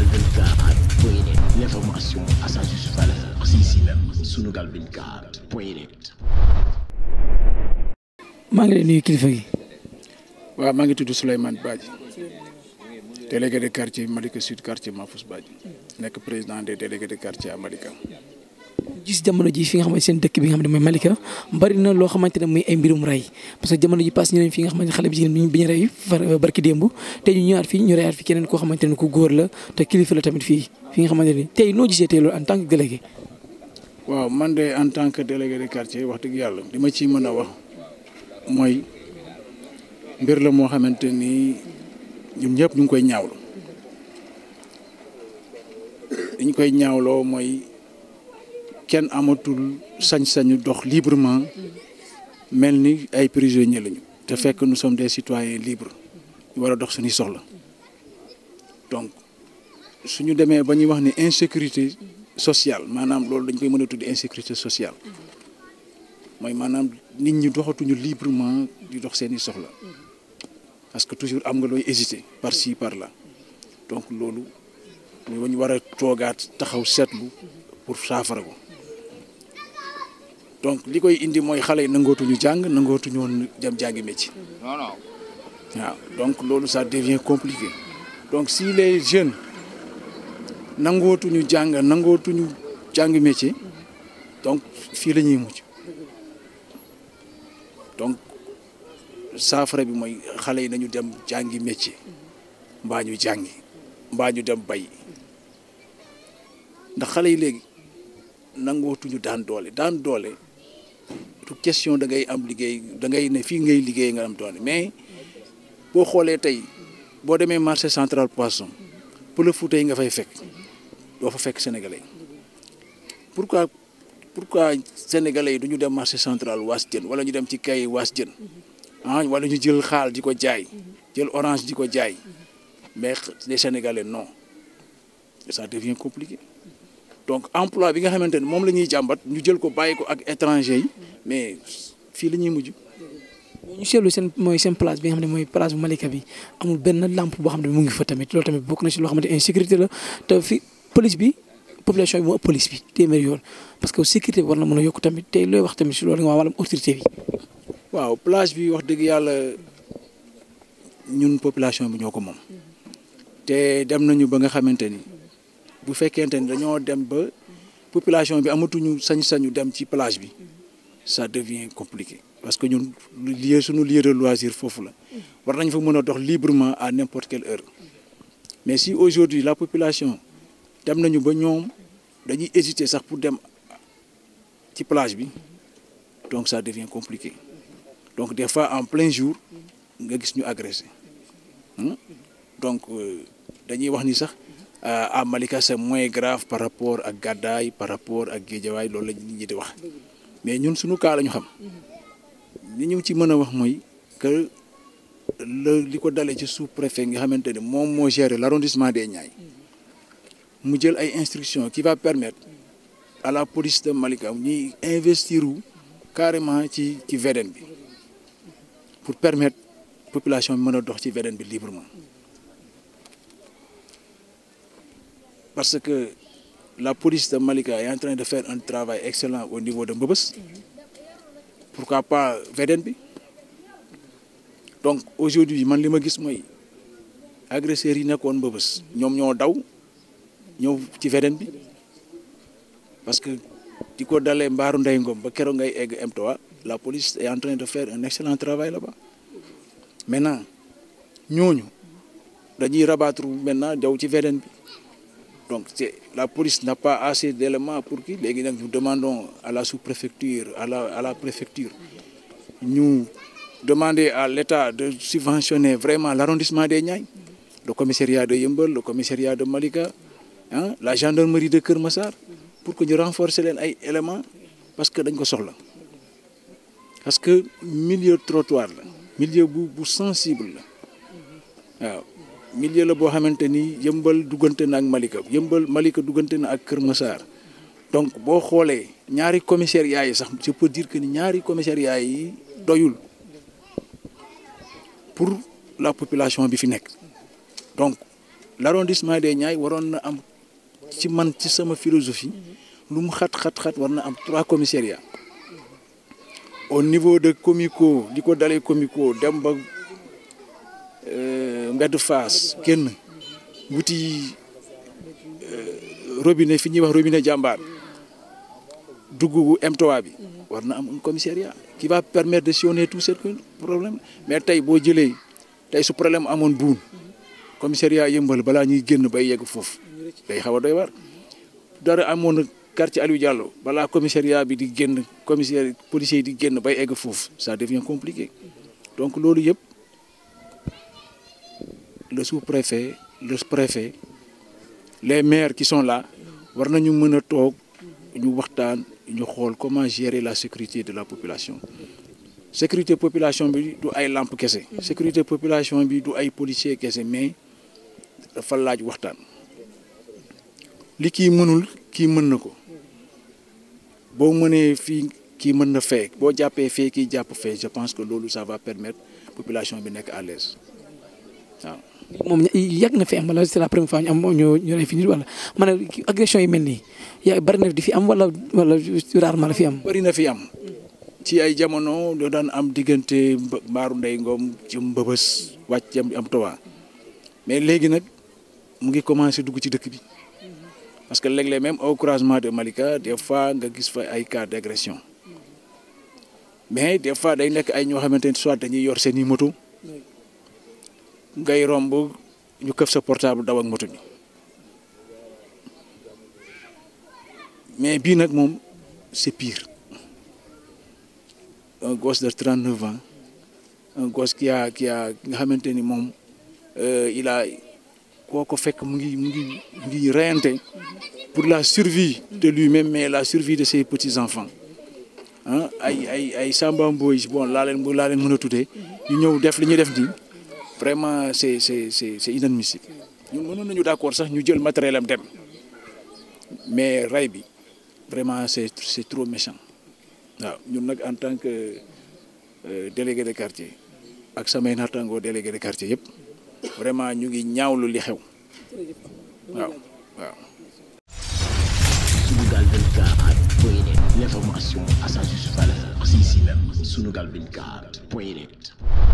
Sunugal 24 point net l'information à sa juste valeur maa ngi lay kilifa gi. waaw maa ngi tudd Souleymane Badji délégué de quartier Malika Sud quartier Mafous Badji nekk président des délégués de quartier à gis jamono ji fi nga xamante seen dëkk bi nga xam ne mooy Malika bari na loo xamante ne muy ay mbirum rey parce que jamono ji pass ñu ne fi ñu rey euh, te ñu fii ñu reyaat fi keneen koo xamante ne ku góor la te kilifa la tamit fii fi nga xamante ne tey noo gisee tey loolu en tant que délégué waaw man de en tant que délégué de quartier wax dëgg yàlla li ma ci mën a wax mooy mbir la moo xamante nii ñoom ñëpp ñu ngi koy ñaawlu dañ koy ñaawloo mooy kenn amatul sañ-sañu dox librement mel ni ay prisonniers lañu te fekk nu some des citoyens libres war a dox suñuy soxla donc suñu demee ba ñuy wax ni insécurité sociale maanaam loolu dañ koy mën a tudd insécurité sociale mooy maanaam nit ñi doxatuñu librement di dox seeni soxla parce que toujours am nga looy hésiter par si par là donc loolu ñu war a toogaat taxaw seetlu pour saafara ko donc li koy indi mooy xale yi nangootuñu jàng nangootuñu woon dem jàngi métier waaw donc loolu ça devient compliqué donc si les jeunes nangootuñu jàng nangootuñu jàngi métier donc fii la mucc donc saafara bi mooy xale yi nañu dem jàngi métier mbaa ñu jàngi mbaa ñu dem bay ndax xale yi léegi nangootuñu daan doole daan doole du question da ngay am liggéey da ngay ne fii ngay liggéey nga am tool mais boo xoolee tey boo demee marché central poisson pour le Fouta yi nga fay fekk doo fa fekk pour quoi pour quoi sénégalais yi du ñu dem marché central waas jën wala ñu dem ci kay waas jën ah wala ñu jël xaal ji ko jaay jël orange di ko jaay mais les sénégalais non ça devient compliqué. donc emploi bi nga xamante ni moom la ñuy jàmbat ñu jël ko bàyyi ko ak étranger yi mais fii la ñuy mujj. ñu seetlu seen mooy seen place bi nga xam ne mooy place bu Malika bi benn lampe boo xam ne mu ngi fa tamit loolu tamit bokk na si loo xamante insécurité la te fi police bi population bi moo ëpp police bi téeméer yoon parce que sécurité bi na mën a yokk tamit tey wax tamit si loolu nga wàllum autorité bi. waaw plage bi wax dëgg yàlla ñun population bi ñoo ko moom. te dem nañu ba nga xamante ni. bu fekkente ni dañoo dem ba population bi amatuñu sañ-sañu dem ci plage bi ça devient compliqué parce que ñun suñu lieu de loisir foofu la war nañ fa mën a dox librement à n'importe quelle heure mais si aujourd'hui la population dem nañu ba ñoom dañuy hésiter sax pour dem ci plage bi donc ça devient compliqué donc des fois en plein jour nga gis ñu agressé hmm? donc euh, dañuy wax ni sax Euh, à Malika c'est moins grave par rapport ak gàddaay par rapport ak géejawaay loolu la nit ñi di wax mais ñun sunu kaa la xam li ñu ci mën a wax mooy que le li ko dalee ci sous préfet nga xamante ni moom moo gérer l' arrondissement des Niayes mu jël ay instructions qui va permettre à la police de Malika ñuy investir wu carrément ci ci VDN bi pour permettre population bi mën a dox ci VDN bi librement. parce que la police de Malika est en train de faire un travail excellent au niveau de Mbeubeuss pourquoi pas VDN bi donc aujourd'hui man li ma gis mooy agresseurs yi nekkoon Mbeubeuss ñoom ñoo daw ñëw ci VDN bi parce que di ko dalee mbaaru ndey ngoom ba keroog ngay egg m la police est en train de fair un excellent travail là-bas maintenant ñooñu dañuy rabattre maintenant daw ci VDN bi donc c'est la police n'a pas assez d'éléments pour qui léegi nag ñu demandons à la sous-préfecture à la à préfecture ñu demande à l'État de subventionner vraiment l'arrondissement des Niayes le commissariat de Yeumbeul le commissariat de Malika ah la gendarmerie de Keur Massar pour que ñu renforcer leen ay éléments parce que dañ ko soxla parce que milieu trottoir la milieu bu bu sensible la waaw milieu la boo xamante ni yëmbal duggante na ak Malika yëmbal Malika duggante na ak Kër Massar donc boo xoolee ñaari commissariat yi sax ci peux dire que ni ñaari commissariat yi doyul pour la population bi fi nekk donc l'arrondissement des Niayes waroon na am ci man ci sama philosophie lu mu xat xat xat war na am trois commissariats au niveau de Comico di ko dalee Comico dem ba. Euh, mbeddu faas génn wuti euh, robine fi ñuy wax robine jàmbaar dugg m bi war na am un commissariat qui va permettre de sillonner tout ce problème mais tey boo jëlee tey su problème amoon buun commissariat yëmbal balaa ñuy génn bay yegg foofu day xaw a doy war dara amoon quartier Aliou Diallo balaa commissariat bi di génn commissaire policier yi di génn bay egg foofu ça devient compliqué donc loolu yëpp le sous-préfet le préfet les maires qui sont là war nañu mën a toog ñu waxtaan ñu xool comment gérer la sécurité de la population sécurité population bi du ay làmp kese sécurité population bi du ay policier kese mais dafa laaj waxtaan li kii mënul kii mën na ko boo mënee fii kii mën na fee boo jàppee fee kii jàpp fee je pense que loolu ça va permettre population bi nekk à l'aise waaw moom yàgg na fi am wala c'est la première fois ñu am ñoo ñu rey fi nit wala agression yi mel nii yaa bëri na di fi am wala wala rarement la fi am. bëri na fi am ci ay jamono doo daan am diggante mbaaru ndey ngoom jëm mbëbës wàcc jëm am towaa mais léegi nag mu ngi commencé dugg ci dëkk bi parce que léeg-léeg même au croisement de Malika des fois nga gis fa ay cas d'agression mais des fois day nekk ay ñoo xamante ne soit dañuy yor seen i moto. ngay romb ñu këf sa portable daw ak moto bi mais bii nag moom c'est pire un gosse de 39 ans un gosse qui ki qui a nga xamante ni moom euh, il a koo ko fekk mu ngi mu ngi mu ngi reyante pour la survie de lui-même la survie de ses petits-enfants ah ay ay ay Samba Mboy bon laa leen laa leen mën a tuddee ñu ñëw def li ñuy def nii. vraiment c' est c' est c' est c' est nañu d' accord sax ñu jël matériel am dem mais ray bi vraiment c' est c' est trop méchant waaw ñun nag en tant que euh, délégué de quartier ak samay naataangoo délégué de quartier yëpp vraiment ñu ngi ñaaw ñaawlu li xew waaw waaw. Sunugal 24 point net